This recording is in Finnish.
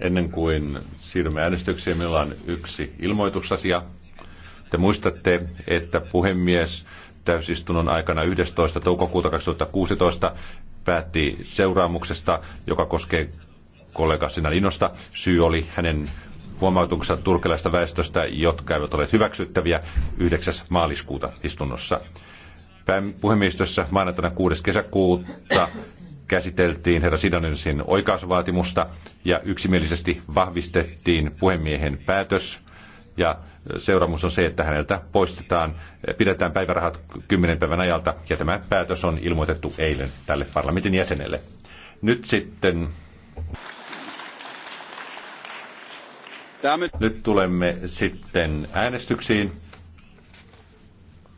Ennen kuin siirrymme äänestykseen, meillä on yksi ilmoitusasia. Te muistatte, että puhemies täysistunnon aikana 11. toukokuuta 2016 päätti seuraamuksesta, joka koskee kollega Sinalinosta. Syy oli hänen huomautuksensa turkilaista väestöstä, jotka eivät ole hyväksyttäviä 9. maaliskuuta istunnossa. Puhemiestössä maanantaina 6. kesäkuuta käsiteltiin herra Sidonensin oikaisuvaatimusta ja yksimielisesti vahvistettiin puhemiehen päätös. Ja seuraamus on se, että häneltä poistetaan, pidetään päivärahat kymmenen päivän ajalta ja tämä päätös on ilmoitettu eilen tälle parlamentin jäsenelle. Nyt sitten... Nyt tulemme sitten äänestyksiin.